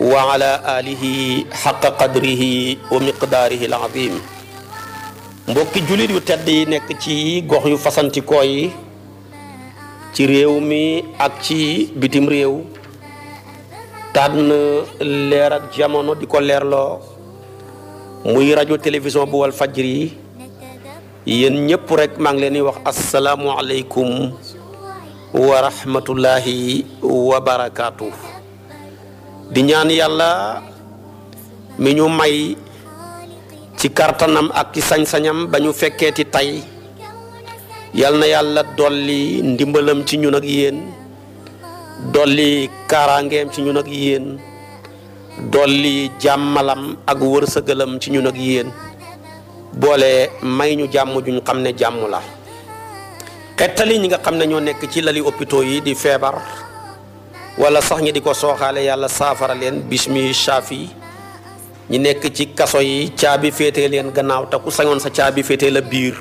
wa ala alihi xaqa qadrihi wa miqdaarihi alazim mbokki jullit yu tedd yi nekk ci gox yu fasantikoo yi ci réew mi ak ci bitim réew tànn leer ak jamono di ko leerloo muy rajo télévision bu wal fajri yéen ñëpp rek maa ngi leen di wax asalaamualeykum wa rahmatullahi wa barakaatu. di ñaan yàlla mi ñu may ci kartanam ak ci sañsañam sañam ba ñu fekkeeti tey yal na yàlla dolli ndimbalam ci ñun ak yéen dolli kaaraangeem ci ñun ak yéen dolli jàmmalam ak wërsëgalam ci ñun ak yéen boole may ñu jàmm juñ xam ne jàmm la xettali ñi nga xam ne ñoo nekk ci lali hôpitaux yi di feebar wala sax ñi di soxale yalla safara len bismi shafi ñi nek ci kasso yi ciabi fete len gannaaw te ku sa ciabi fete la bir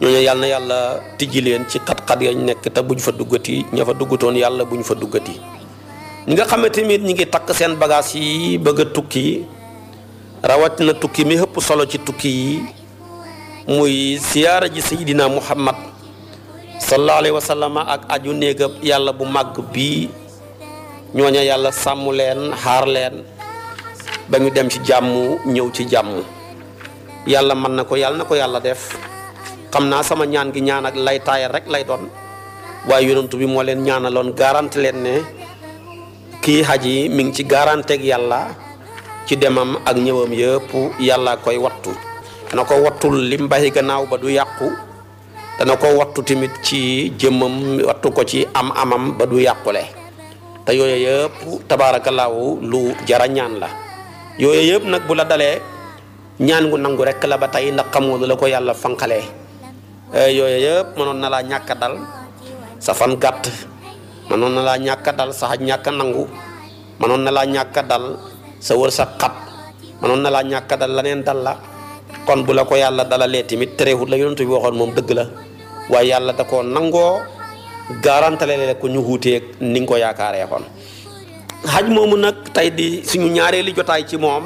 ñoo yalla yalla Cikat tijji leen ci xat-xat yañ nek ta buñ fa duggati ña fa dugguton yalla buñ fa duggati ñi nga xamé tamit ñi ngi tak seen bagage yi bëgg tukki rawat rawatina tukki mi hepp solo ci tukki yi muy siyaara ji sayidina muhammad sallallahu alaihi wasallam. ak aju neega yalla bu mag bi ñooña yàlla sàmmu leen xaar leen ba ñu dem ci jàmmu ñëw ci jàmm yàlla mën na ko yàlla na ko yàlla def xam naa sama ñaan gi ñaan lay taayal rek lay doon waaye yonantu bi moo leen ñaanaloon garante leen ne kii xaj yi mi ngi ci garanti ak yàlla ci demam ak ñëwam yëpp yàlla koy wattu dana ko wattu lim bàyyi gannaaw ba du yàqu dana ko wattu tamit ci jëmmam wattu ko ci am amam ba du yàqule te yooyu yëpp laaw lu jara ñaan la yooyu yëpp nag bu la dalee ñaan gu nangu rek la ba tey ndax xamoo nu la ko yàlla fanqalee eh, yooyu yëpp mënoon na laa ñàkk sa fan gàtt mënoon na laa ñàkk a dal sa xaj ñàkk nangu nangu noon na laa ñàkk dal sa wër sa xat mënoon na laa ñàkk a dal leneen dal la kon bu la ko yàlla dalalee tamit terewut la yonent bi waxoon moom dëgg la waaye yàlla da nangoo. garantale la ko ñu wuuteeg ni ko yaakaaree xoon xaj moomu nag tey di suñu ñaareeli jotaay ci moom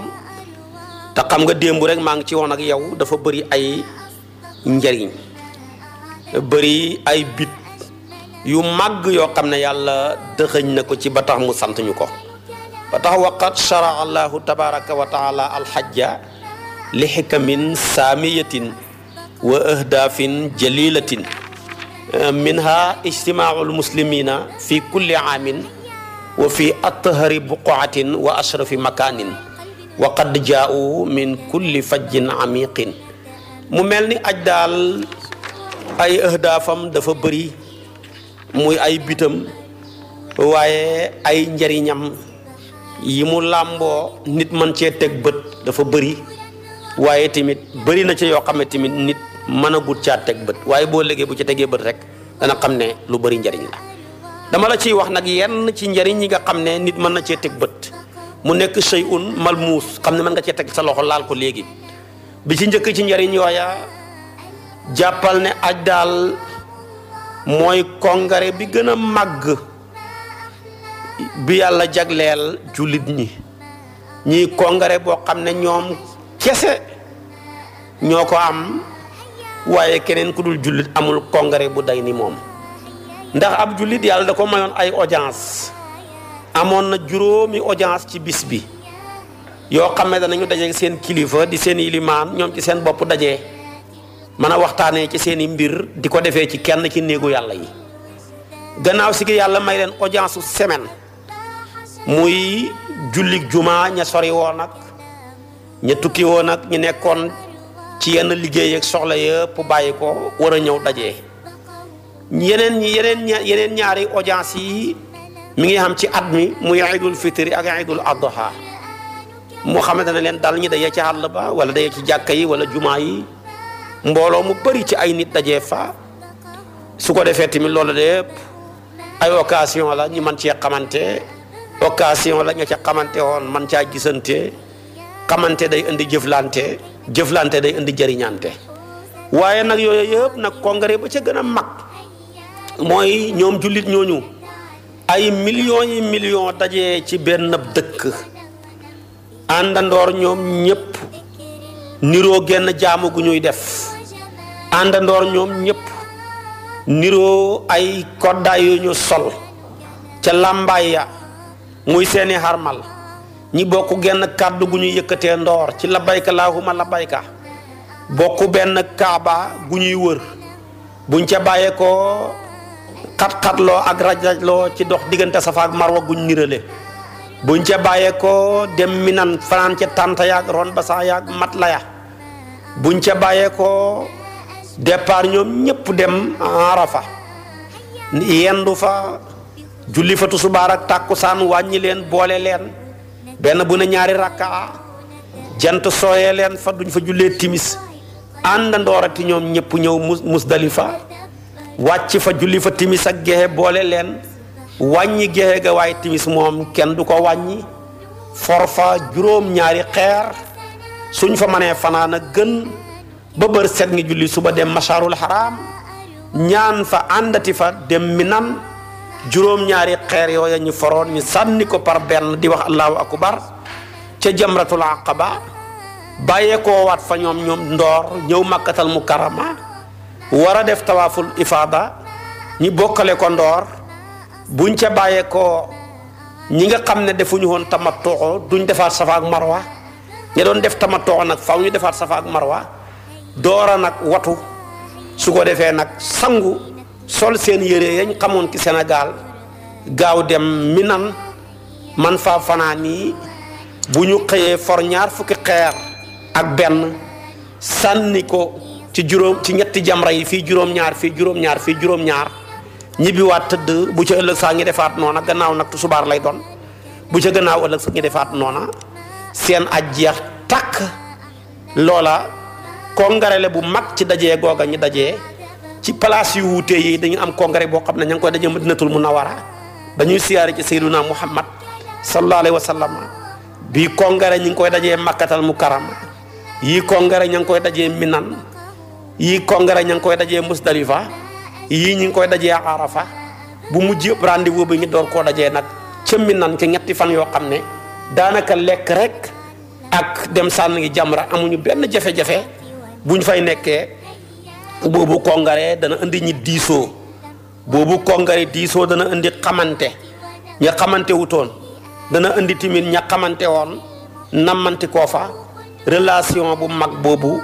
te xam nga démb rek maa ngi ci woon ak yow dafa bëri ay njariñ bari ay bit yu màgg yoo xam ne yàlla dëxëñ na ko ci ba tax mu sant ko ba tax waqat shara allahu tabaraka wa taala alxajja li xikamin saamiyatin wa ahdaafin jalilatin minha ijtimaaul muslimina fi kulli aamin wa fi athari buqaatin wa ashrafi makaanin wa qad jaau min kulli fajjin amiqin mu mel ni aj daal ay ëhdaafam dafa bari muy ay bitam waaye ay njariñam yi mu làmboo nit man cee teg bët dafa bari waye timit bëri na ci yo xam timit nit mana butcha gut ci atek beut waye bo légee bu ci beut rek dana xam ne lu bëri njariñ la dama la ci wax nak yenn ci njariñ yi nga xam ne nit mana ci tek beut mu nek shay'un un malmuus man ne nga ci tek sa loxo lal ko léegi bi ci njëkk ci njariñ yoya jappal ne aj dal moy kongare bi gën mag bi yalla jagleel julit ñi ñi kongare bo xam ne nyom kese ñoo ko am waaye keneen ku dul jullit amul congrès bu day ni moom ndax ab jullit yàlla da ko mayoon ay audience amoon na juróomi audience ci bis bi yoo xam ne nañu daje seen kilifa di seen ilimaan ñoom ci seen bopp dajee mën a waxtaanee ci seen i mbir di ko defee ci kenn ci néegu yàlla yi gannaaw si gi yàlla may leen audience su semaine muy jullit juma ña sori woon ak ña tukki woon ak ñu nekkoon ci yenn liggéey ak soxla yëpp bàyyi ko war a ñëw daje yeneen yeneen yeneen ñaari audience yi mi ngi am ci at mi muy idul fitri ak idul adha mu xam dana leen dal ñi daje ci àll ba wala daje ci jàkka wala juma yi mbooloo mu bari ci ay nit daje fa su ko defee tamit loolu lépp ay occasion la ñu man cee xamante occasion la ña ca xamante woon man caa gisante xamante day indi jëflante jëflante day indi jëriñante waaye nag yooyu yëpp nag congrès ba ca gën a mag mooy ñoom jullit ñooñu ay millions yi millions dajee ci benn dëkk àndandoor ñoom ñëpp niroo genn jaamu gu ñuy def àndandoor ñoom ñëpp niroo ay koddaay ñu sol ca làmbaay ya muy seeni harmal ñi bokku genn guñu yëkëté ndor ci la bayka labayka la bayka bokku benn kaaba gu wër buñ ca kat kat lo ak lo ci dox digënté safa ak marwa guñ nirale buñ ca ko dem minan fran ci tanta yaag ron basa yaag mat la ya buñ ca ko départ ñom ñëpp dem arafa yendu fa julli fa subarak takusan tàkkusaan wàññi len benn bu ne ñaari rakkaa jant sooyee leen fa duñ fa jullee timis àndandoorati ñoom ñëpp ñëw mus musdalifa wàcc fa julli fa timis ak gexe boole leen wàññi gexe ga waaye timis moom kenn du ko wàññi for fa juróom ñaari xeer suñ fa mënee fanaan a gën ba bër set ngi julli suba dem masharul haram ñaan fa àndati fa dem minan juróom-ñaari xeer yooya ñu foroon ñu sànni ko par benn di wax laaw allahu akbar ca jamratul aqaba bàyyeekoo waat fa ñoom ñoom ndoor ñëw màkkatal mukarrama war a def tawaaful ifaada ñi bokkale ko ndoor buñ ca bàyyeekoo ñi nga xam ne defuñu woon tamatoo duñ defaat safa marwa ña doon def tamatoo nag faw ñu defaat safa ak marwa doora nag watu su ko defee nag sangu. sol seen yére yañ xamoon ci Sénégal gaaw dem Minan man faa fanaan yi bu ñu xëyee for ñaar fukki xeer ak benn sànni ko ci juróom ci ñetti jamra yi fii juróom-ñaar fii juróom-ñaar ñibbiwaat tëdd bu ci ëllëg saa ngi defaat noona gannaaw nag subaar lay doon bu ca gannaaw ëllëg saa ngi defaat noona seen aj jeex tàkk loola ko ngarale bu mag ci dajee googa ñu dajee ci place yu wuté yi dañu am congrès bo xamna ñang koy dajé madinatul munawara dañuy siyaare ci sayyiduna muhammad sallallahu alaihi wasallam. bi congrès ñing ngi koy dajee makkatal mukarram yi congrès ñang koy dajé minan yi congrès ñang koy dajé musdalifa yi ñing koy dajé arafa bu mujj rendez-vous bi ñi door ko dajé nak ci minan ci ñetti fan yo xamné danaka lek rek ak dem sànn ngi jamra amuñu benn jafe-jafe buñ fay nekké boobu kongare dana indi ñi diisoo boobu kongare diisoo dana indi xamante ña xamantewutoon dana indi tamit ña xamante woon nammante koo fa relation bu mag boobu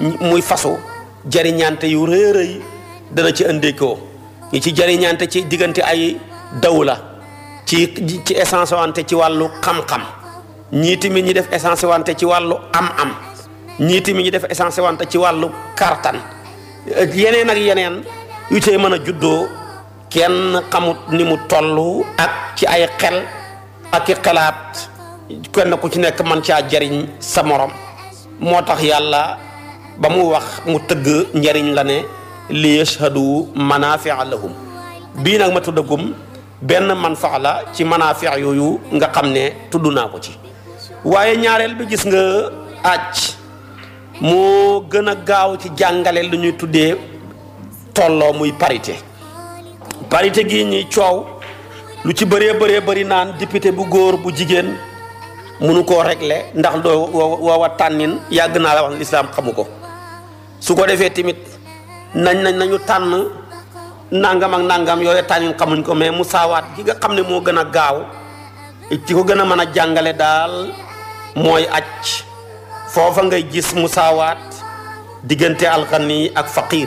muy fasu jariñante yu rëy rëy dana ci indi ñi ci jariñante ci diggante ay daw la ci ci essence wante ci wàllu xam-xam ñii tamit ñi def essence wante ci wàllu am-am ñii tamit def essence wante ci wàllu kartan yeneen ak yeneen yu cay mën a juddoo kenn xamut ni mu tollu ak ci ay xel ak i xelaat kenn ku ci nekk man caa jariñ sa morom moo tax yàlla ba mu wax mu tëgg njariñ la ne li yashhadu manafia lahum bii nag ma tuddagum benn manfaa la ci manafia yooyu nga xam ne tuddu naa ko ci waaye ñaareel bi gis nga àcc moo gën a gaaw ci jàngale lu ñuy tuddee tolloo muy parité parité gi ñuy coow lu ci bëree bëree bari naan député bu góor bu jigéen mënu koo regle ndax doo woowa tànnin yàgg naa la wax lislaam xamu ko su ko defee tamit nañ nañ nañu tànn nangam ak nangam yooyu tànnin xamuñ ko mais mu saawaat gi nga xam ne moo gën a gaaw ci ko gën a mën a jàngale daal mooy acc fofa ngay gis musawat diggante alqani ak faqir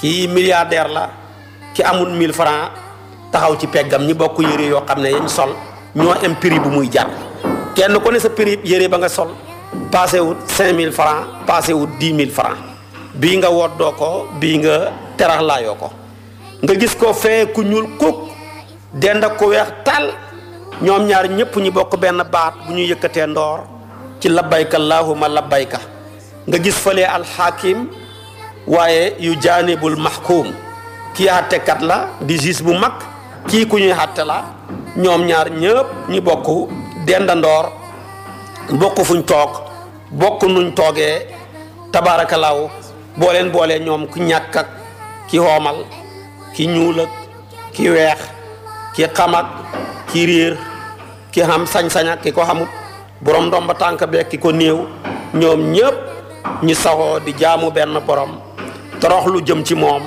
ki milliardaire la ki amul 1000 francs taxaw ci peggam ñi bokku yére yo xamné yeen sol ñoo am prix bu muy jar kenn ko ne sa prix ba nga sol passé wu 5000 francs passé wu 10000 francs bi nga do ko bi nga yo ko nga gis ko fe ku ñul kuk dend ak tal ñom ñaar ñepp ñi bokku ben baat bu ñu yëkëté ndor ci labbayka allahumma labbayka nga gis al-hakim, waye yu janibul mahkum hatte kat la di gis bu mak ki ku ñuy hatte la ñom ñaar ñepp ñi bokk dendandoor bokku fuñ tok bokku nuñ tabarakallah bo len bo len ñom ku ñak ak ki homal ki ñuul ak ki wex ki xamat ki rir ki ham sañ-sañ ak ki ko hamut borom ndomba tànk beeg ki ko néew ñoom ñépp ñi saxoo di jaamu benn borom torox lu jëm ci moom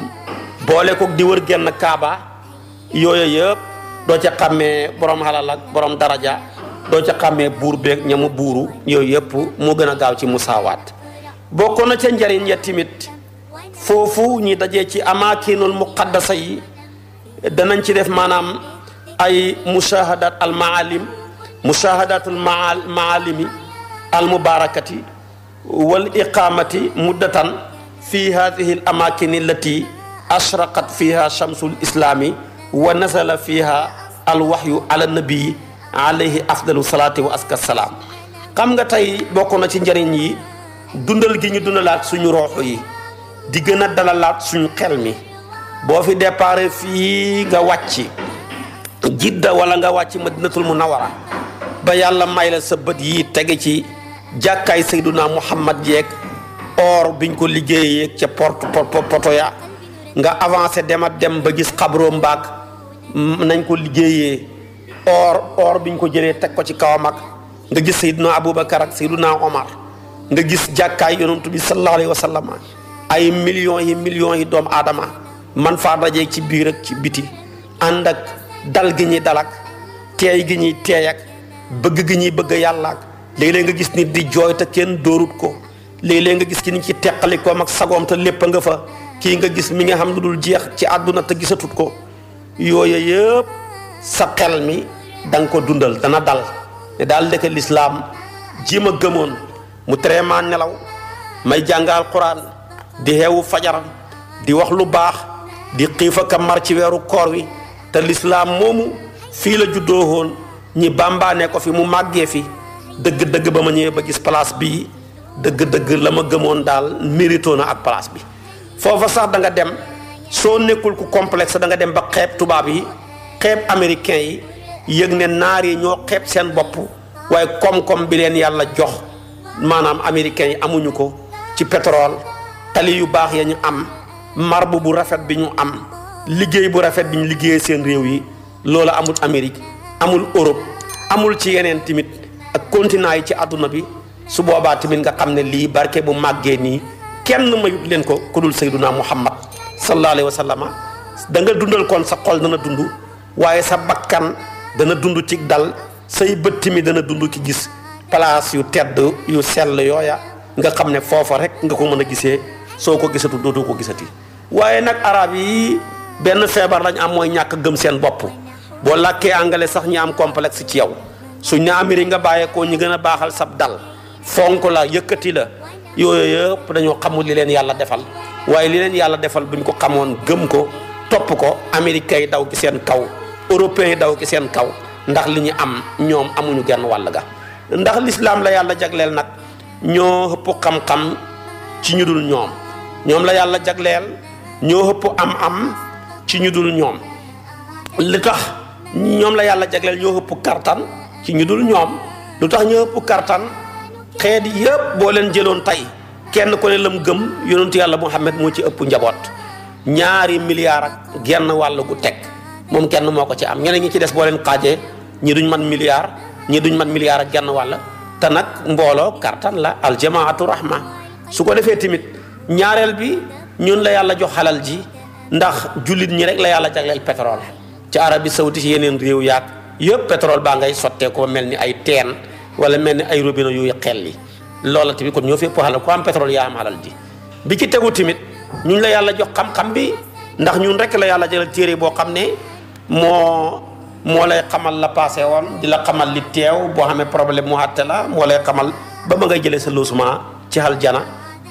boole ko di wër genn kaaba yooyu yëpp doo ca xàmmee borom xalal ak borom daraja doo ca xàmmee buur beeg ña mu buuru yooyu yëpp moo gën a gaaw ci musaawaat bokk na ca njariñ ya timit foofu ñi dajee ci amaakinul muqaddasa yi danañ ci def maanaam ay mushaahadat al مشاهدات المعالم المباركة والإقامة مدة في هذه الأماكن التي أشرقت فيها شمس الإسلام ونزل فيها الوحي على النبي عليه أفضل الصلاة وأزكى السلام كم تاي بوكونا سي نجارين ني دوندال جي ني دي گنا دالالات سوني خيل مي بو في في گا واتشي ولا گا واتشي المنورة ba yàlla may la sa bët yi tege ci jàkkaay sayduna muhammad yeeg or biñ ko liggéeyee ca porte poto ya nga avancé demat dem ba gis xabro mbaak nañ ko liggéeyee or or biñ ko jëlee teg ko ci kawam nga gis sayduna aboubacar ak sayduna omar nga gis jàkkaay yonentu bi sallallahu alayhi ay million yi million yi doomu aadama man faa dajee ci biir ak ci biti ànd ak dal gi ñuy dalak teey gi ñuy teey bëgg gi ñuy bëgg yàlla ak léeg-léeg nga gis nit di jooy te kenn dóorut ko léeg-léeg nga gis ki ni ci teqalikoom ak sagoom te lépp nga fa kii nga gis mi nga xam lu dul jeex ci àdduna te gisatut ko yooyu yëpp sa xel mi da ko dundal dana dal ne daal dëkk lislaam ji ma gëmoon mu tere maa nelaw may quran di fajar di wax lu baax di xiifa ka mar ci weeru koor wi te lislaam moomu fii la juddoo ñi bàmbaane ko fi mu màggee fi dëgg-dëgg ba ma ñëwee ba gis place bi dëgg-dëgg la ma gëmoon daal mérito na ak place bi foofa sax da nga dem soo nekkul ku complexe da nga dem ba xeeb tubaab yi xeeb américain yi yëg ne naar yi ñoo xeeb seen bopp waaye koom-koom bi leen yàlla jox maanaam américain yi amuñu ko ci pétrole tali yu baax ya ñu am marbu bu rafet bi ñu am liggéey bu rafet bi ñu liggéey seen réew yi loola amul Amérique amul Europe amul ci yeneen tamit ak continent yi ci àdduna bi su boobaa tamit nga xam ne lii barke bu màggee nii kenn mayut leen ko ku dul sayduna muhammad sallallahu alayhi wa sallama da nga dundal koon sa xol dana dund waaye sa bakkan dana dund ci dal say bëtt mi dana dund ci gis place yu tedd yu sell yooya nga xam ne foofa rek nga ko mën a gisee soo ko gisatu dootoo ko gisati waaye nag araab yi benn feebar lañu am mooy ñàkk gëm seen bopp bo laké angale sax ñi am complexe ci yow suñ na amiri nga baye ko ñi gëna baxal sab dal fonk la yëkëti la yoyo yëpp dañu xamul li leen yalla défal waye li leen yalla défal buñ ko xamoon gëm ko top ko américain daw ci seen kaw européen daw ci seen kaw ndax li ñi am ñom amuñu genn wàll ga ndax l'islam la yalla jaglél nak ño hëpp xam-xam ci ñu dul ñom la yalla jaglél ño hëpp am am ci ñu dul li tax ñoom la yàlla jagleel ñoo ëpp kartan ci ñu dul ñoom lu tax ñoo ëpp kartan xeet yëpp boo leen jëloon tey kenn ku ne lam gëm yonentu yàlla Muhammad moo ci ëpp njaboot ñaari milliards ak genn wàll gu teg moom kenn moo ko ci am ñeneen ñi ci des boo leen xaajee ñi duñ man milliard ñi duñ man milliard ak genn wàll te nag mbooloo kartan la aljamaatu rahma su ko defee tamit ñaareel bi ñun la yàlla jox xalal ji ndax jullit ñi rek la yàlla jagleel pétrole ci arabie saoudite yeneen réew yaag yépp pétrole baa ngay sottee ko mel ni ay teen wala mel ni ay robinet yuy xelli loola tamit kon ñoo fépp xalal am pétrole yaa am xalal bi ci tegu timit ñun la yàlla jox xam-xam bi ndax ñun rek la yàlla jël téere boo xam ne mo moo lay xamal la passé woon di la xamal li teew boo xamee problème mu àtte la moo lay xamal ba ma ngay jëlee sa logement ci aljana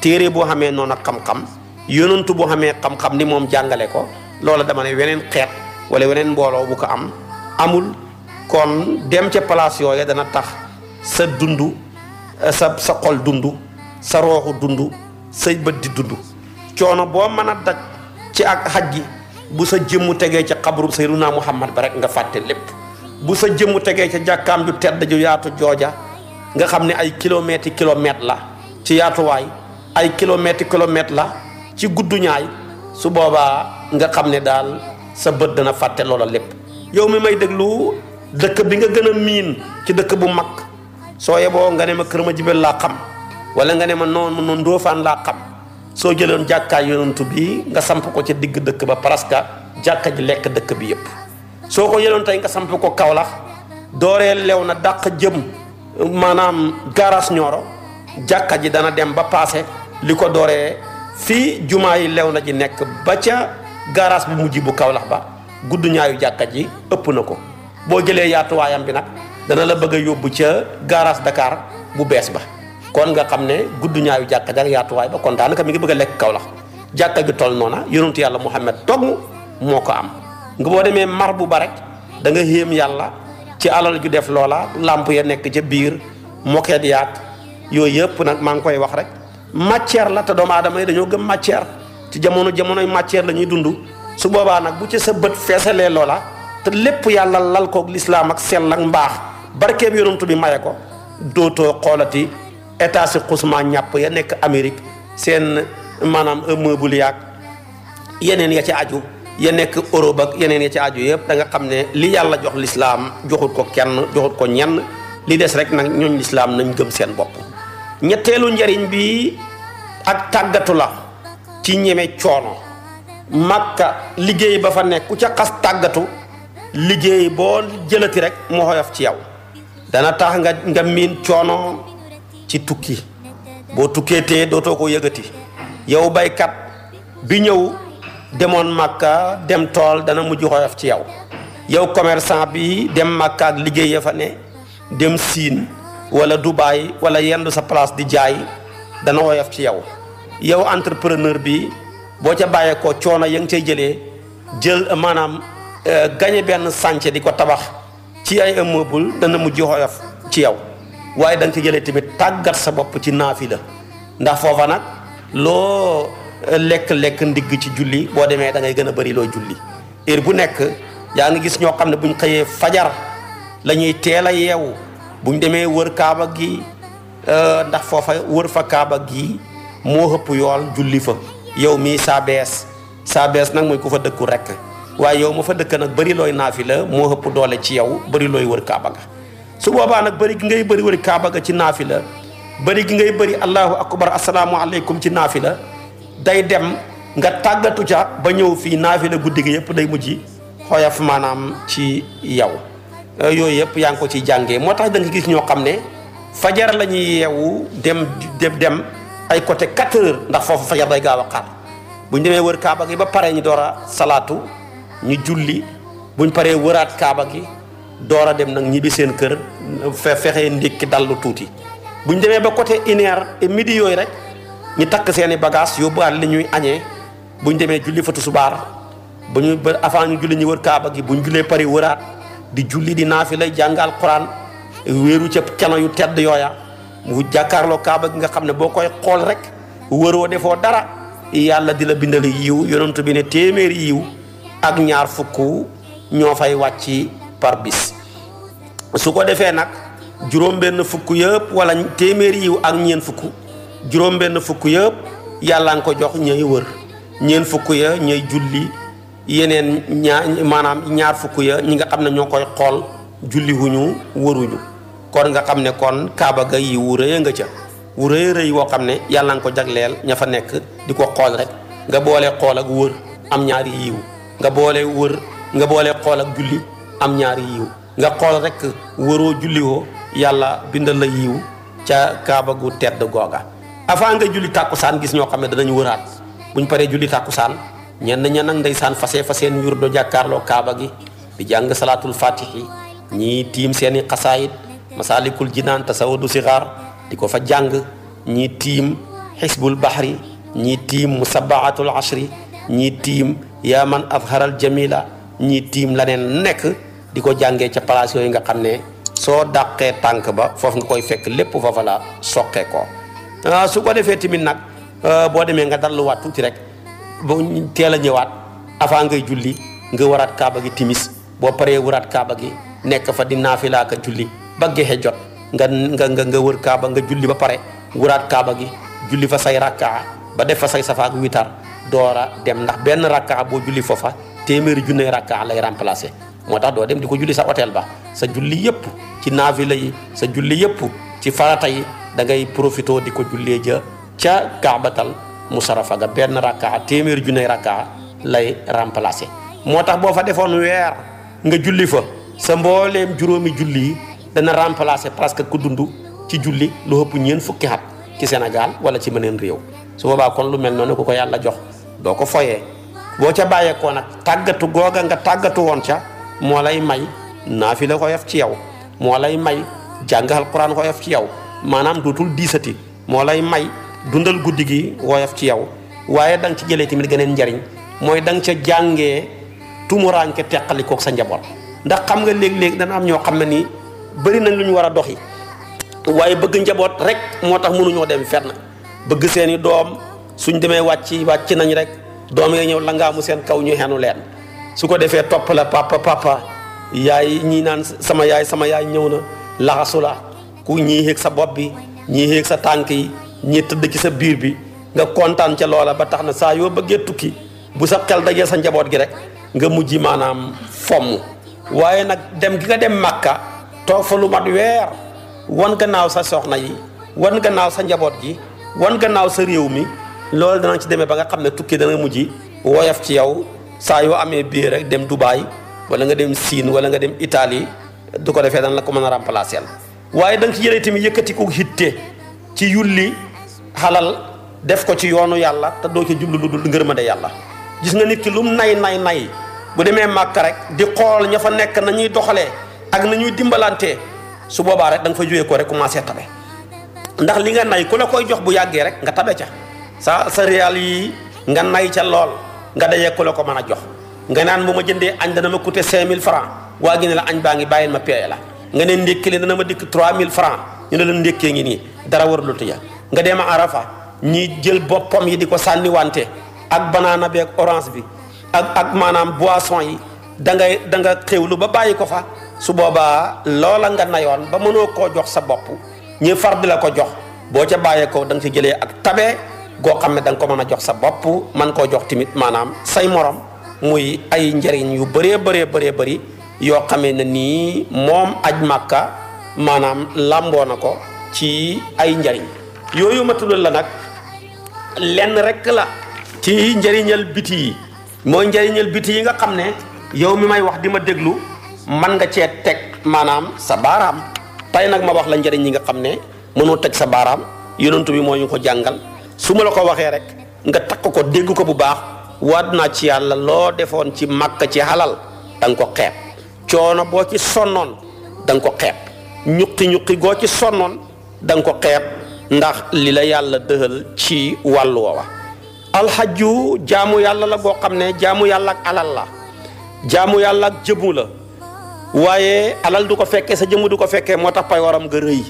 téere boo xamee noonu xam-xam yonantu boo xamee xam-xam ni moom jàngale ko loola dama ne weneen xeet wala weneen mbooloo bu ko am amul kon dem ca place yooya dana tax sa dund eh, sa sa xol dund sa rooxu dund sa bët di dund coono boo mën a daj ci ak xaj gi bu sa jëmmu tegee ca xabru sayyiduna muhammad ba rek nga fàtte lépp bu sa jëmmu tegee ca jàkkaam ju tedd ju yaatu jooja nga xam ne ay kilomètres kilomètres la ci yaatuwaay ay kilomètres kilomètres la ci gudduñaay su boobaa nga xam ne daal sa bët dana faté lola lepp yow mi may déglu dëkk bi nga gëna min ci dëkk bu mak so yebo nga ne ma kër ma jibel la xam wala nga ne ma non do fan la xam so jëloon jakka yonentu bi nga samp ko ci digg dëkk ba paraska jakka ji lek dëkk bi yépp ko nga samp ko lew na jëm manam garas ñoro jakka ji dana dem ba passé liko doré fi fii yi lew na ji nek ba ca garas bi mujj bu kawlax ba gudd ñaayu jàkka ji ëpp na ko boo jëlee yaatuwaayam bi nag dana la bëgg a ca garas dakar bu bees ba kon nga xam ne gudd ñaayu jàkka ji ak ba kon daanaka mi ngi bëgg a lekk kawlax jàkka gi tol noona yàlla muhammad dog moo ko am nga boo demee mar bu barek da nga xéem yàlla ci alal ju def loola lamp ya nekk ca biir moket yaat yooyu yëpp nag maa koy wax rek matière la te doomu aadama yi gëm matière ci jamono jamonoy matière lañuy dundu su boba nak bu ci sa beut feesalee lola te lepp yalla lal ak l'islam ak sel ak mbaax bi yonantu bi maye ko doto xolati état ci qusma ñap ya nek amérique seen maanaam meuble yak yenen ya ci aju ya nek europe ak yenen ya ci aju yeb da nga xam li yalla jox l'islam joxut ko kenn joxut ko ñenn li dess rek nak ñooñ l'islam nañ gëm sen bop ñettelu ndariñ bi ak tagatu la ci ñeme coono makka liggéey ba fa nekk ku ca xas tàggatu liggéey boo jëlati rek mu xoyof ci yow dana tax nga nga miin coono ci tukki boo tukkee tee dootoo ko yëgati yow baykat bi ñëw demoon makka dem tool dana mujj xoyof ci yow yow commerçant bi dem makka ak liggéey ya fa ne dem siin wala dubaay wala yendu sa place di jaay dana xoyof ci yow yow entrepreneur bi boo ca bàyyeekoo coono ya nga cay jëlee jël maanaam euh, gañe benn sànce di ko tabax ci ay immeuble dana mujj xoyof ci yow waaye da nga ca jëlee tamit tàggat sa bopp ci naafi la ndax foofa nag loo euh, lekk-lekk ndigg ci julli boo demee da ngay gën a bëri loo julli heure bu nekk yaa ngi gis ñoo xam ne buñ xëyee fajar lañuy ñuy a yeewu buñ demee wër kaaba gi euh, ndax foofa wër fa kaaba gi moo xëpp yool julli fa yow mii saa bees saa bees nag mooy ku fa dëkku rekk waaye yow ma fa dëkk nag bëri looy naafi la moo xëpp doole ci yow bëri looy wër kaaba ga su boobaa nag bëri gi ngay bëri wër kaaba ga ci naafi la bëri gi ngay bëri allahu akbar asalaamualeykum ci naafi la day dem nga tàggatu ca ba ñëw fii naafi la guddi gi yëpp day mujj xoyaf maanaam ci yow eh, yooyu yëpp yaa ngi ko ciy jàngee moo tax danga gis ñoo xam ne fajar lañuy ñuy yeewu dem dem dem ay côté 4 heures ndax foofu fajar bay gaaw a xaat buñ demee wër kaaba gi ba paré ñu dora salatu ñu julli buñ paré wëraat kaaba gi dora dem nak ñibi seen kër fexé ndik dalu tuti tuuti buñ demee ba côté 1 heure et midi yoy rek ñu tak seen bagage yu baal li ñuy añee buñ demee julli fatu subar bu ñu ba avant ñu julli ñu wër kaaba gi buñ julé paré wëraat di julli di nafilay jangal quran wëru ci cëna yu tedd yoya mu jàkkaarloo kaaba gi nga xam ne boo koy xool rek wëroo defoo dara yàlla di la bindal yiw yonent bi ne téeméeri yiw ak ñaar fukk ñoo fay wàcc par bis su ko defee nag juróom-benn fukk yëpp wala téeméeri yiw ak ñeen fukk juróom fukk yëpp yàlla nga ko jox ñooy wër ñeen fukk ya ñooy julli yeneen ñaa maanaam ñaar fukk ya ñi nga xam ne ñoo koy xool julli ñu wëruñu kon nga xamne ne kon kaaba ga yi wu nga ca wu reey rëy woo xam ne nga ko jaglel nya fa nek di xol rek nga boole xol ak wër am ñaari yiw nga boole wër nga boole xol ak julli am ñaari yiw nga xol rek wëroo julli wo yalla bindal la yiw ca kaaba gu tedd goga afa nga julli takusan gis ño xamne dañu danañ wëraat buñ paré julli takusan ñen ñan nak ndaysan fasé fasé ñur do jakarlo kaaba gi di jang salatul fatihi ñii tim seeni qasaid masalikul jinan tasawudu sigar di ko fa jang ñi tim hisbul bahri ñi tim musabaatul ashri ñi tim Yaman man afharal jamila ñi tim lanen nek diko di ko place yoy nga xam so soo tank ba fof nga koy fekk lepp foofa la ko ah, su ko defee tamit nag ah, bo demee nga wat tuti rek bo téla ñëwaat afa ngay julli nga warat kaaba gi timis bo paré warat kaaba gi nek fa di nafila ka julli ba gexe jot nga nga nga nga wër kaaba nga julli ba paré wuraat kaaba gi julli fa say rakkaa ba def fa say safa ak witar doora dem ndax ben raka bo julli fofa téeméeri junne raka lay remplacer motax do dem diko julli sa hôtel ba sa julli yépp ci navi lay sa julli yépp ci farata yi da ngay profito diko julle ja ca kaabatal musarafa ga ben raka témir junay raka lay remplacer motax bo fa defone wër nga julli fa sa mbolém juroomi julli dana remplacer presque ku dundu ci julli lu ëpp ñeen fukki hat ci senegal wala ci meneen rew su boobaa kon lu mel non ko ko yalla jox doo ko foye boo ca ko nak tagatu goga nga tagatu won ca moo lay may nafila ko yef ci yaw moo lay may jang alquran yef ci yaw manam dutul disati moo lay may dundal guddigi wo yef ci yaw waye dang ci jele tamit geneen njariñ moy dang ca jange tumuranke teqali koog sa njabol ndax xam nga leg leg dana am ño xamni bëri nañ lu ñu war a doxi waaye bëgg njaboot rek moo tax mënuñoo dem fet na bëgg seeni doom suñ demee wàcc wàcc nañ rek doom yooyu ñëw langaamu seen kaw ñu xenu leen su ko defee topp la papa papa yaay ñi naan sama yaay sama yaay ñëw na laxasu la ku ñii sa bopp bi ñii yéeg sa tànk yi ñii tëdd ci sa biir bi nga kontaan ca loola ba tax na saa yoo bëggee tukki bu sa xel dajee sa njaboot gi rek nga mujji maanaam fomm waaye nag dem gi nga dem màkka tofu lu mat wer wan gannaaw sa soxna yi wan gannaaw sa njabot gi wan gannaaw sa rew mi lol dana ci demé ba nga xamné ne tukki dana mujjii woyaf ci yow sa yo amé bi rek dem Dubai, wala nga dem sin wala nga dem italy du ko defé dan la ko mëna remplacer waye dang ci timi yëkëti ko hitte ci yulli halal def ko ci yoonu yalla ta do ci jublu lu dul ngërmande yalla gis nga nit ki lum nay nay nay bu demee makka rek di xol ña fa nek nañuy doxalé ak nañuy dimbalante su boba rek dang fa jógee ko rek commencé tabe ndax li nga nay ku la koy jox bu yagge rek nga tabé ca sa sa réal yi nga nay ca lol nga dajee ku la ko mëna jox nga nan buma ma añ dana ma coûter 5000 francs wa gi ne la añ baangi ma la nga ne li dana ma dik 3000 francs ñu la ngi ni dara war lu tiya nga dem arafa ñi jël bopom yi di sanni wante ak banana ak orange bi ak ak manam boisson yi da ngay da nga xewlu ba bayiko fa su boba loola nga nayon ba mëno ko jox sa bop ñi fard la ko jox bo ca baye ko dang ci jëlé ak tabé go xamné dang ko mëna a jox sa bop man ko jox timit manam say morom muy ay njariñ yu bëré bëré bëré bëri yo xamé na ni mom aj makka manam lambo nako ci ay njariñ yoyu matul la nak lenn rek la ci njariñal biti mo njariñal biti yi nga xamné yow mi may wax dima man nga ci tek manam sa baram tay nag ma wax la njëriñ yi nga xamne mënu tek sa baram yonantu bi moo ñu ko jangal suma la ko waxe rek nga tak ko dégg ko bu baax wad na ci yalla lo defon ci makka ci halal dang ko xeb coono bo ci sonnon dang ko xeb ñukki ñukki go ci sonnon dang ko xeb ndax lila yalla yàlla ci walu wa al hajju jaamu yalla la bo xamne jaamu yalla ak alal la jaamu yalla ak jëbu waye alal du ko fekke sa jëm du ko fekke moo tax pay waram reuy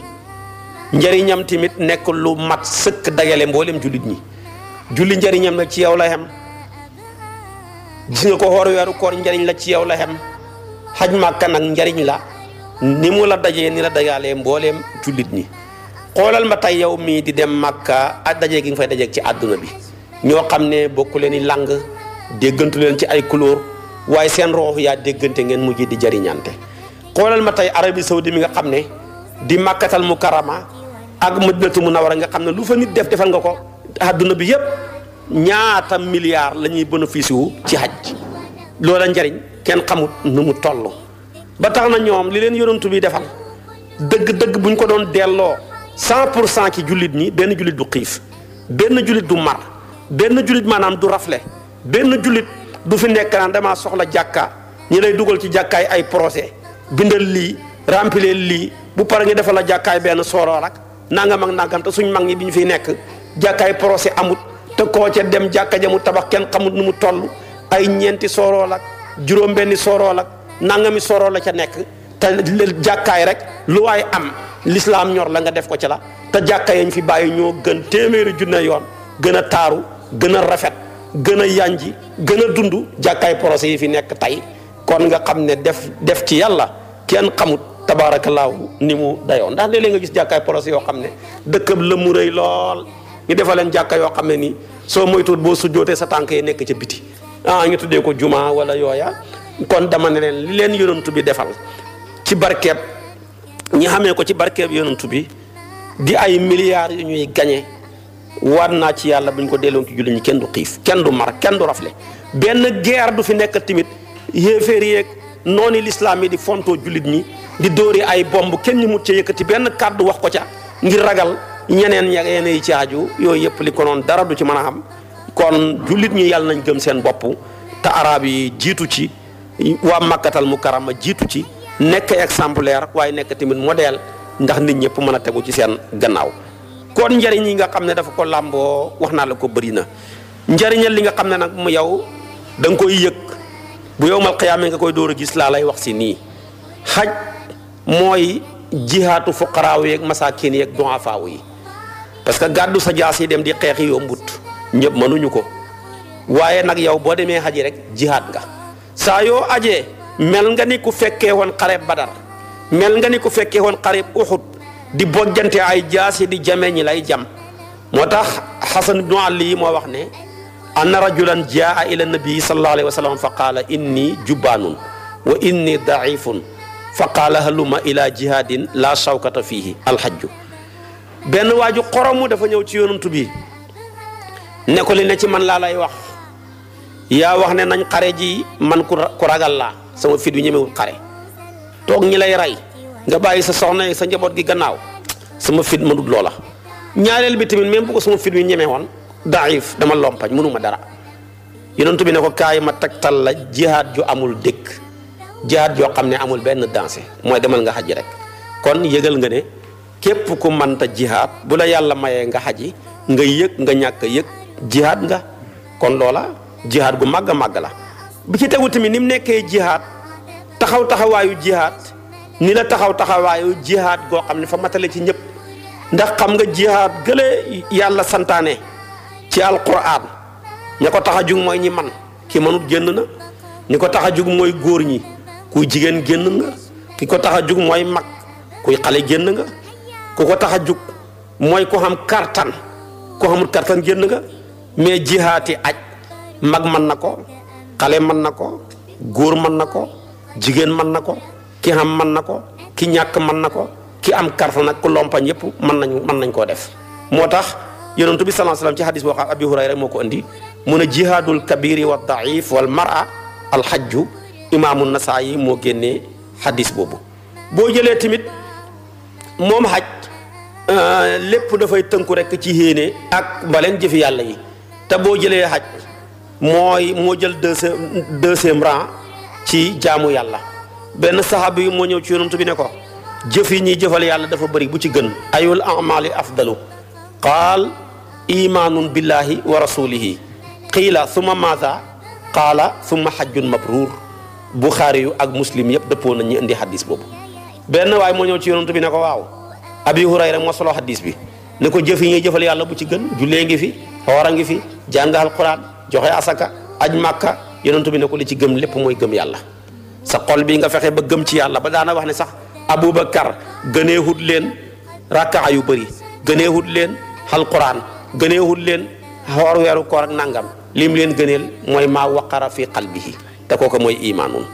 njari ñam timit nek lu mat sëkk dagale mbolim julit ñi julli njëriñam nag ci yaw la hem gis ko hor weeru kor njariñ la ci yaw la hem haj makka nak njariñ la ni mu la dajee ni la dagale mbolim julit ñi xolal ma tay yaw mi di dem makka ak dajee gi ngi fay dajeeg ci aduna bi ño xamne bokku leni lang degantu len ci ay couleur waye sen roh ya déggante ngeen mujj di jariñante xolal ma tay Arabie Saoudi mi nga xamne di màkkatal al karama ak muddatu munawara nga xamne lu fa nit def defal nga ko aduna bi yeb ñaata milliard lañuy bénéfice wu ci hajj lola njariñ ken xamut nu mu tollu ba tax na ñoom li leen yonantu bi defal deug deug buñ ko doon delloo 100% ki julit ni ben julit du xif ben julit du mar ben julit manam du rafle ben julit du fi nekk naan damaa soxla jàkka ñi lay dugal ci jàkkaay ay projet bindal lii remplir lii bu pare ñu defal la jàkkaay benn sooroo rak nangam ak nangam suñ mag ñi bi ñu nekk jàkkaay projet amut te koo ca dem jàkka ja mu tabax kenn xamut nu mu toll ay ñeenti sooroo la juróom-benni sooroo la nangami sooroo la ca nekk te jàkkaay rek lu waay am lislaam ñor la nga def ko ci la te jàkka yañ fi bàyyi ñoo gën téeméeri junne yoon gën a taaru gën a rafet gën a yanji gën a dund jàkkaay procès yi fi nekk tey kon nga xam ne def def ci yàlla kenn xamut tabaarakallaahu ni mu dayoo ndax nga gis jàkkaay procès yoo xam ne dëkkam la mu rëy lool ñu defal leen jàkka yoo xam ne nii soo moytuwul boo sujjootee sa tànk yi nekk ca biti ah ñu tuddee ko juma wala yooya kon dama ne leen li leen yonantu bi defal ci barkeeb ñi xamee ko ci barkeeb yonantu bi di ay milliards yu ñuy gañe waat naa ci yàlla bu ñu ko delloon ci julli ñi kenn du xiif kenn du mar kenn du rafle benn guerre du fi nekk tamit yéeféer yeeg noonu lislaam yi di fontoo jullit ñi di dóori ay bomb kenn ñu mut ca yëkkati benn kàddu wax ko ca ngir ragal ñeneen ña yeneen yi ci aaju yooyu yëpp li ko noon dara du ci mën a am kon jullit ñi yàlla nañ gëm seen boppu te araab yi jiitu ci waa makkatal mu karama jiitu ci nekk exemplaire waaye nekk tamit modèle ndax nit ñëpp mën a tegu ci seen gannaaw kon njariñ yi nga xamne dafa ko lambo waxna la ko bëri na njariñal li nga xamne nak mu yaw dang koy yek bu yowmal qiyam nga koy door gis la lay wax haj moy xaj fuqara wi ak masakin yi ak duafa wi parce que gaddu sa jasi dem di xeexi yombut ñëpp mënuñu ko waye nak yaw bo demee haji rek jihad nga sa yo aje mel nga ni ku fekke won xare badar mel nga ni ku fekke won xare uhud di bojjante ay jaasi di jame ñi lay jam moo tax xasan ibnu ali moo wax ne anna rajulan jaa ila nabii sallallahu alayhi wa sallam fa qaala inni jubbaanun wa inni daifun fa qaala haluma ila jihadin la shawkata fihi waaju dafa ñëw ci yonantu bi ne ne ci man laa lay wax yaa wax ne nañ xare ji man ku ragal laa sama fit bi ñemewul xare toog ñi lay rey nga bayyi sa soxna sa njabot gi gannaaw sama fit mënut lola ñaarel bi tamit même bu ko sama fit wi ñemee won daif dama lompañ mënuma dara yonentu bi ne ko kay ma la jihad ju amul dik, jihad jo xamne amul ben danse moy demal nga haji rek kon yegal nga ne kep ku ta jihad bu la yalla maye nga haji nga yek nga ñak yek jihad nga kon lola jihad gu màgg a la bi ci tegu tamit nim nekké jihad taxaw taxawayu jihad ni la taxaw taxawaayu jihaad goo xam ne fa matale ci ñëpp ndax xam nga jihaad gële yàlla santaane ci alquran ña ko tax a jug mooy ñi man ki mënut génn na ñi ko tax a jug mooy góor ñi kuy jigéen génn ki ko tax a jug mooy mag kuy xale génn nga ku ko tax a jug mooy ko xam kartan ko xamul kartan génn nga mais jihaati aj mag mën na ko xale mën na ko góor mën na ko jigéen mën na ko ki xam mën na ko ki ñàkk mën na ko ki am karta nag ku lompañ yëpp mën nañu mën nañ koo def moo tax yonentu bi sallallahu alayhi wasallam ci hadis boo xam abi hurayra rek moo ko indi mun a jihaadul kabiri wa daif wal mar'a alhajju imaamu nasaa yi moo génne xadiis boobu boo jëlee tamit moom xaj euh, lépp dafay tënku rek ci yéene ak baleen jëfi yàlla yi te boo jëlee xaj mooy moo jël deuxième deuxième rang ci jaamu yàlla ben sahabi mo ñëw ci yonantu bi ne ko jëf yi ñi jëfal yàlla dafa bari bu ci gën ayul a'mal afdalu qal imanun billahi wa rasulihi qila thumma madha qala summa hajjun mabrur bukhari ak muslim yeb depo nañ ñi indi hadith bobu ben way mo ñëw ci yonantu bi ne ko waw abi hurayra mo solo hadith bi ne ko jëf yi ñi jëfal yàlla bu ci gën jullee ngi fi xora ngi fi jàngal qur'an joxe asaka aj màkka bi ne ko li ci gëm lépp moy gëm yàlla sa xol bi nga fexe ba gëm ci yàlla ba daana wax ne sax aboubacar gënee hut leen rakkaa yu bëri gënee hut leen alquran gënee hut leen xoor weeru koor ak nangam lim leen gëneel mooy maa waqara fi qalbihi te kooku mooy imaanun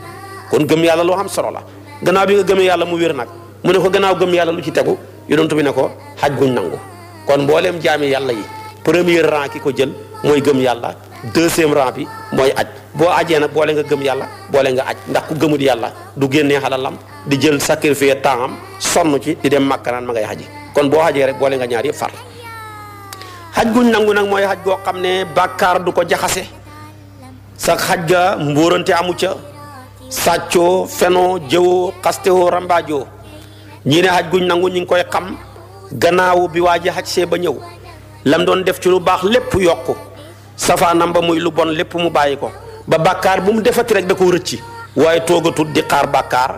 kon gëm yàlla loo xam solo la gannaaw bi nga gëmee yàlla mu wér nag mu ne ko ganaaw gëm yàlla lu ci tegu yonent bi ne ko xaj guñ nangu kon mbooleem jaami yàlla yi premier rang ki ko jël mooy gëm yàlla deuxième rang bi boo aja nak boole nga gëm yàlla boole nga aj ndax ku gëmul yalla du génnee halalam di jël sacrifice temps sonu ci di dem makaran ma ngay haji kon bo aja rek boole nga ñaar yef far haj guñ nangu nak moy haj go xam ne du ko jaxase sa xaj mburante amu ca sàccoo fenoo jëwoo xastewoo rambajo ñi ne haj guñ nangu ñi ngi koy xam gannaaw bi waji haj xaj ba ñew lam doon def ci lu baax lepp yokku safa namba muy lu bon lepp mu bayiko ba bàkkaar bu mu defati rek da koo rëcci waaye toogatul di xaar bàkkaar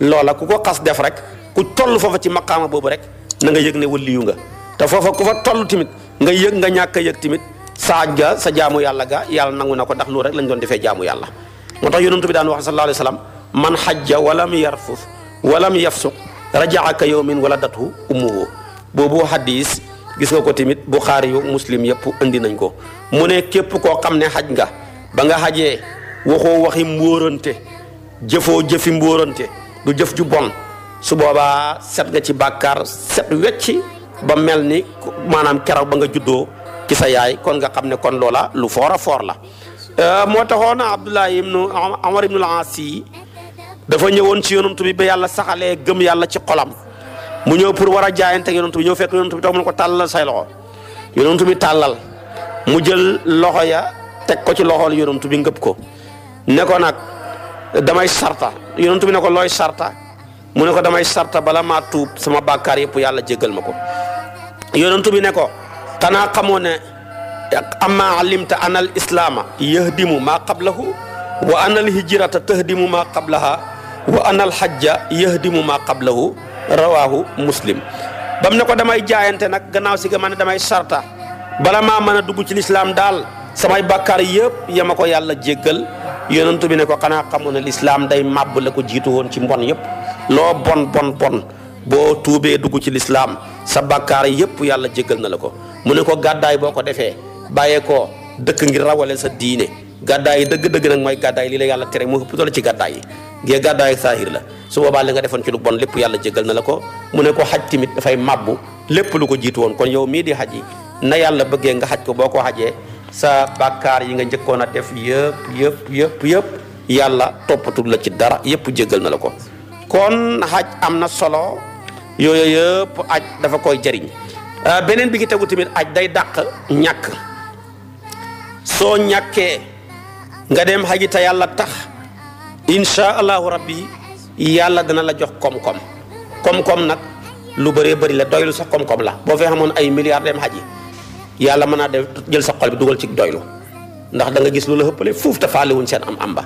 loola ku ko xas def rek ku toll foofa ci maqaama boobu rek na nga yëg ne waliyu nga te foofa ku fa toll tamit nga yëg nga ñàkk a yëg tamit saaj ga sa jaamu yàlla ga yàlla nangu na ko ndax loolu rek lañ doon defee jaamu yàlla moo tax yonent bi daan wax sallallahu alayhi wa sallam man xajja walam yarfus walam yafsuq rajaaka yawmin waladathu ummuhu boobu hadis gis nga ko tamit buxaari yu muslim yëpp indi nañ ko mu ne képp koo xam ne xaj nga ba nga xajee waxoo waxi mbóorante jëfoo jëfi mbóorante du jëf ju bon su boobaa set nga ci bàkkaar set wecci ba mel ni maanaam keroog ba nga juddoo ci sa yaay kon nga xam ne kon loola lu foor a foor la euh, moo taxoon Abdullah ibnu Amar ibnul Aas yi dafa ñëwoon ci yonent bi ba yàlla saxalee gëm yàlla ci xolam mu ñëw pour war a jaayante ak yonent bi ñëw fekk yonent bi tax mu ko tàllal say loxo jël loxo ya tek ko ci loxol yonantu bi ngëb ko ne ko nag damay sarta yonantu bi ne ko looy sarta mu ne ko damay sarta bala ma tuub sama bakkar yëpp yàlla jéggal ma ko yonantu bi ne ko tana xamoo ne amma alimta ana al islam yahdimu ma qablahu wa ana al hijrata tahdimu ma qablaha wa ana al hajja yahdimu ma qablahu rawahu muslim bam ne ko damay jaayante nak gannaaw si ga ma damay sarta bala ma meuna dugg ci l'islam dal samay bàkkaar yëpp yama ko yàlla jéggal yonentu bi ne ko xanaa xamoon ne lislaam day màbb la ko jiitu woon ci mbon yëpp loo bon bon bon boo tuubee dugg ci lislaam sa bàkkaar yëpp yàlla jéggal na la ko mu ne ko gàddaay boo ko defee bàyyee ko dëkk ngir rawale sa diine gàddaay yi dëgg-dëgg nag mooy gàddaay lii yàlla tere mu ëpp ci gàddaay yi ngee gàddaay saahir su boobaa li nga defoon ci lu bon lépp yàlla jéggal na la ko mu ne ko xaj tamit dafay màbbu lépp lu ko jiitu woon kon yow mii di xaj yi na yàlla bëggee nga xaj ko boo ko xajee sa bakkaar yi nga yep a def yëpp yëpp yëpp yëpp yàlla toppatul la ci dara yëpp jégal na la ko kon xaj am na solo yooyu yëpp aj dafa koy jariñ beneen bi ki tegu tamit aj day dàq ñàkk soo ñàkkee nga dem xaji te yàlla tax insha allahu rabbi yàlla dana la jox koom-koom koom-koom nag lu bëree bëri la doylu sax koom-koom la boo xamoon ay milliards dem xaji yàlla mën naa def jël sa xol bi dugal ci doylu ndax danga gis lu la ëppale fuuf te faale wuñ seen am am ba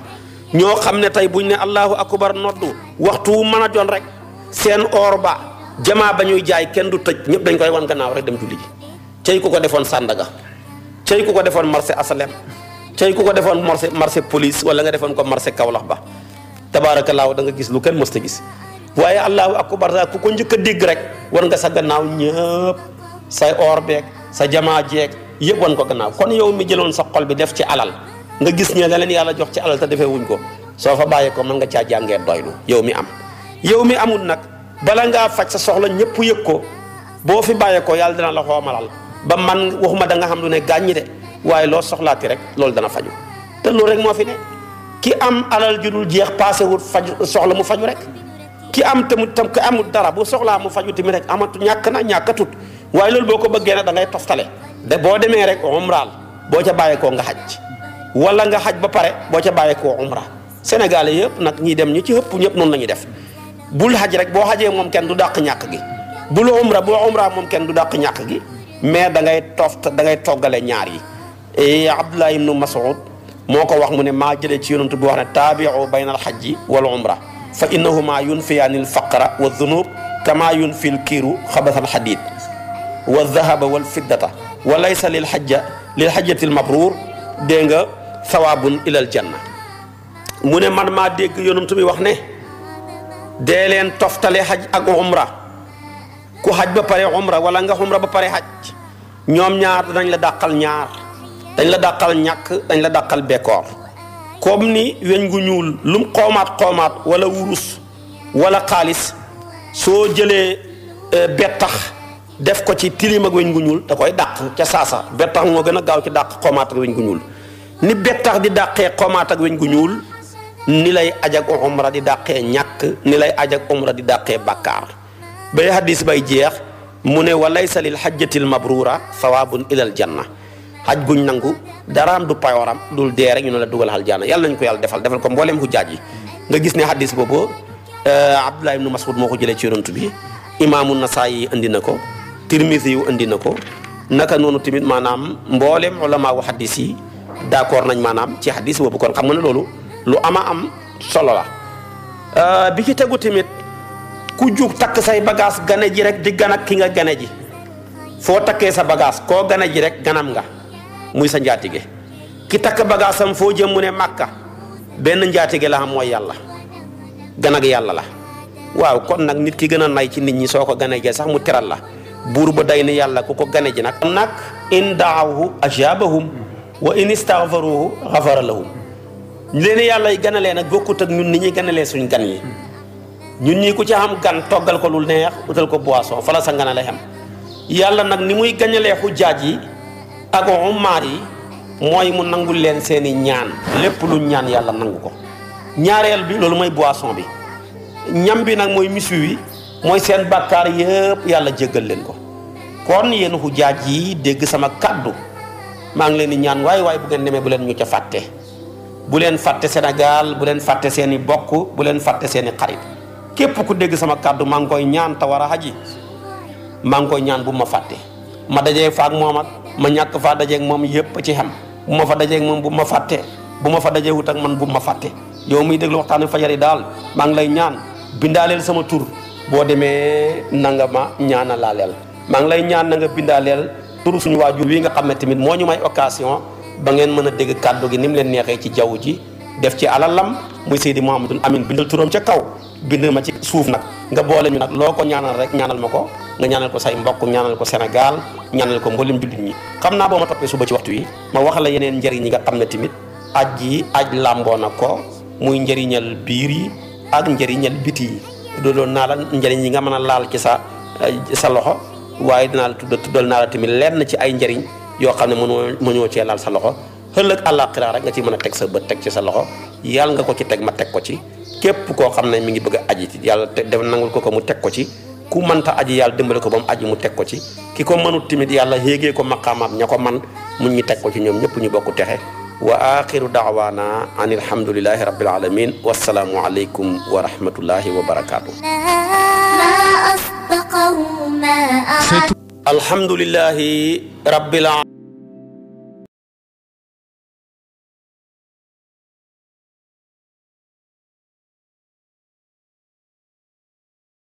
ñoo xam ne tey buñ ne allahu akbar noddu waxtu wu mën a doon rek seen or ba jamaa ba ñuy jaay kenn du tëj ñëpp dañ koy wan gannaaw rek dem julli ji cey ku ko defoon Sandaga cey ku ko defoon marché asalem cey ku ko defoon marché marché police wala nga defoon ko marché Kaolack ba tabaarakallaahu da nga gis lu kenn mës ta gis waaye allahu akbar ku ko njëkk a dégg rek war nga sa gannaaw ñëpp say or beeg sa jamaa jeeg yëpp wan ko gannaaw kon yow mi jëloon sa xol bi def ci alal nga gis ñe la leen yàlla jox ci alal te defee wuñ ko soo fa bàyyee ko nga caa jàngee doylu yow mi am yow mi amul nag bala ngaa faj sa soxla ñëpp yëg ko boo fi bàyyeekoo ko yàlla dina la xoomalal ba man waxuma da nga xam lu ne gàññi de waaye loo soxlaati rek loolu dana faju te loolu rekk moo fi ne ki am alal ju jeex passé wut faj soxla mu faju rek ki am tamit tam ki amul dara boo soxlaa mu faju tamit rek amatu ñàkk na ñàkkatut waaye loolu boo ko bëggee nag dangay ngay toftale de boo demee rek umraal boo ca bàyyeekoo nga xaj wala nga xaj ba pare boo ca bàyyeekoo umra Sénégalais yëpp nag ñi dem ñu ci ëpp ñëpp noonu la ñuy def bul xaj rek boo xajee moom kenn du dàq ñàkk gi bul umra boo umra moom kenn du dàq ñàkk gi mais dangay ngay toft da ngay toggale ñaar yi eh, Abdullah nu Mas'ud moo ko wax mu ne maa jëlee ci yonantu bi wax ne taabiu bayna al xajji wal umra fa innahuma yunfiyaani al wa dunub kama yunfi al kiiru xabasal xadiid والذهب والفضة وليس للحجة للحجة المبرور دينغ ثواب إلى الجنة من من ما ديك يوم تبي وحنا دلين تفتل حج أو عمرة كو حج بباري عمرة ولا عند عمرة بباري حج نيوم نيار دنيلا داقل نيار دنيلا داقل نيك دنيلا داقل بكور كومني وينغنيول لوم قومات قومات ولا ورس ولا قالس سو جلي بيتخ def ko ci tilim ak weñ gu ñuul da koy dàq ca sasa betax mo gëna a gaaw ci dàq xomaat ak weñ gu ni betax di dàqee xomaat ak weñ gu ni ajak umra di dak ñak ni lay ajak umra di dàqee bàkkaar be hadis bay jeex mune walaysa lil hajjatil mabrura thawabun ilal janna haj guñ nangu daraam du payoram dul dee rek ñu la duggal hal janna yalla ñu ko yalla defal defal ko mbolem hujjaaj nga gis hadith hadis euh abdullah ibn masud moko ko ci yonantu bi imaamu tirmisi yu indi na ko naka noonu tamit maanaam mboolem ulama wu xadis yi d'accord nañ maanaam ci xadis boobu kon xam nga a loolu lu ama am solo la euh, bi ci tegu tamit ku jug takk say bagage gane ji rek di gan ki nga gane ji foo takkee sa bagage ko gane ji rek ganam nga muy sa njaatige ki takk bagaasam foo jëm mu ne màkka benn njaatige la am mooy yàlla ganag yàlla la waaw kon nag nit ki gën a nay ci nit ñi soo ko ganee jël sax mu teral la buru ba day na yàlla ku ko gane ji nak nak in daawhu ajabahum wa in istaghfaruhu ghafara lahum leen yàlla ganalee nag bokkut ak ñun ni ñuy ganalee suñ gan yi ñun ñi ku ci am gan togal ko lu neex utal ko boisson fala sa ngana la xam yalla nak ni muy gañalee xu jaaji ak ummaar yi mooy mu nangul leen seeni ñaan lepp lu ñaan yalla ko bi loolu moy boisson bi ñam bi nak moy misu wi mooy seen bàkkaar yëpp yàlla jéggal leen ko kon yéen xujaaj yi dégg sama kàddu maa ngi leen di ñaan waaye waaye bu ngeen demee bu leen ñu ca fàtte bu leen fàtte Sénégal bu leen fàtte seen i bokk bu leen fàtte seen i xarit képp ku dégg sama kàddu maa ngi koy ñaan war a xaji maa ngi koy ñaan bu ma fàtte ma dajee faak moom ak ma ñàkk faa dajeeg moom yëpp ci xam bu ma fa dajeeg moom bu ma fàttee bu ma fa dajee wut ak man bu ma fàtte yow muy déglu waxtaanu fajar yi daal maa ngi lay ñaan bindaaleel sama tur boo demee na nga ma ñaanalaaleel maa ngi lay ñaan na nga bindaaleel turu suñu waajur wi nga xam ne tamit moo ñu may occasion ba ngeen mën a dégg kàddu gi ni leen neexee ci jaww ji def ci alalam muy Seydi Mouhamadou Amine bindal turam ca kaw bindal ma ci suuf nag nga boole ñu nag loo ko ñaanal rek ñaanal ma ko nga ñaanal ko say mbokk ñaanal ko Sénégal ñaanal ko mboolem jullit ñi xam naa boo ma toppee suba ci waxtu yi ma wax la yeneen njëriñ yi nga xam ne tamit aj yi aj làmboo na ko njëriñal biir yi ak njëriñal biti yi tuddaloon naa la njëriñ yi nga mëna laal ci sa eh, sa loxo waye dina la tudd tuddal naa la tamit lenn ci ay njëriñ yo xamne mëno mëno ci laal sa loxo ëllëg àllaaxira rek nga ci mëna tek sa bëtt tek ci sa loxo yalla nga ko ci tek ma tek ko ci kep ko xamne mi ngi bëgg aji ci te def nangul ko ko mu tek ko ci ku ta aji yalla dembal ko bam aji mu tek ko ci kiko manut timit yalla hege ko maqaamaam ñako man mu ñu tek ko ci ñom ñu bokku texe واخر دعوانا ان الحمد لله رب العالمين والسلام عليكم ورحمه الله وبركاته ما اصدقه ما الحمد لله رب العالمين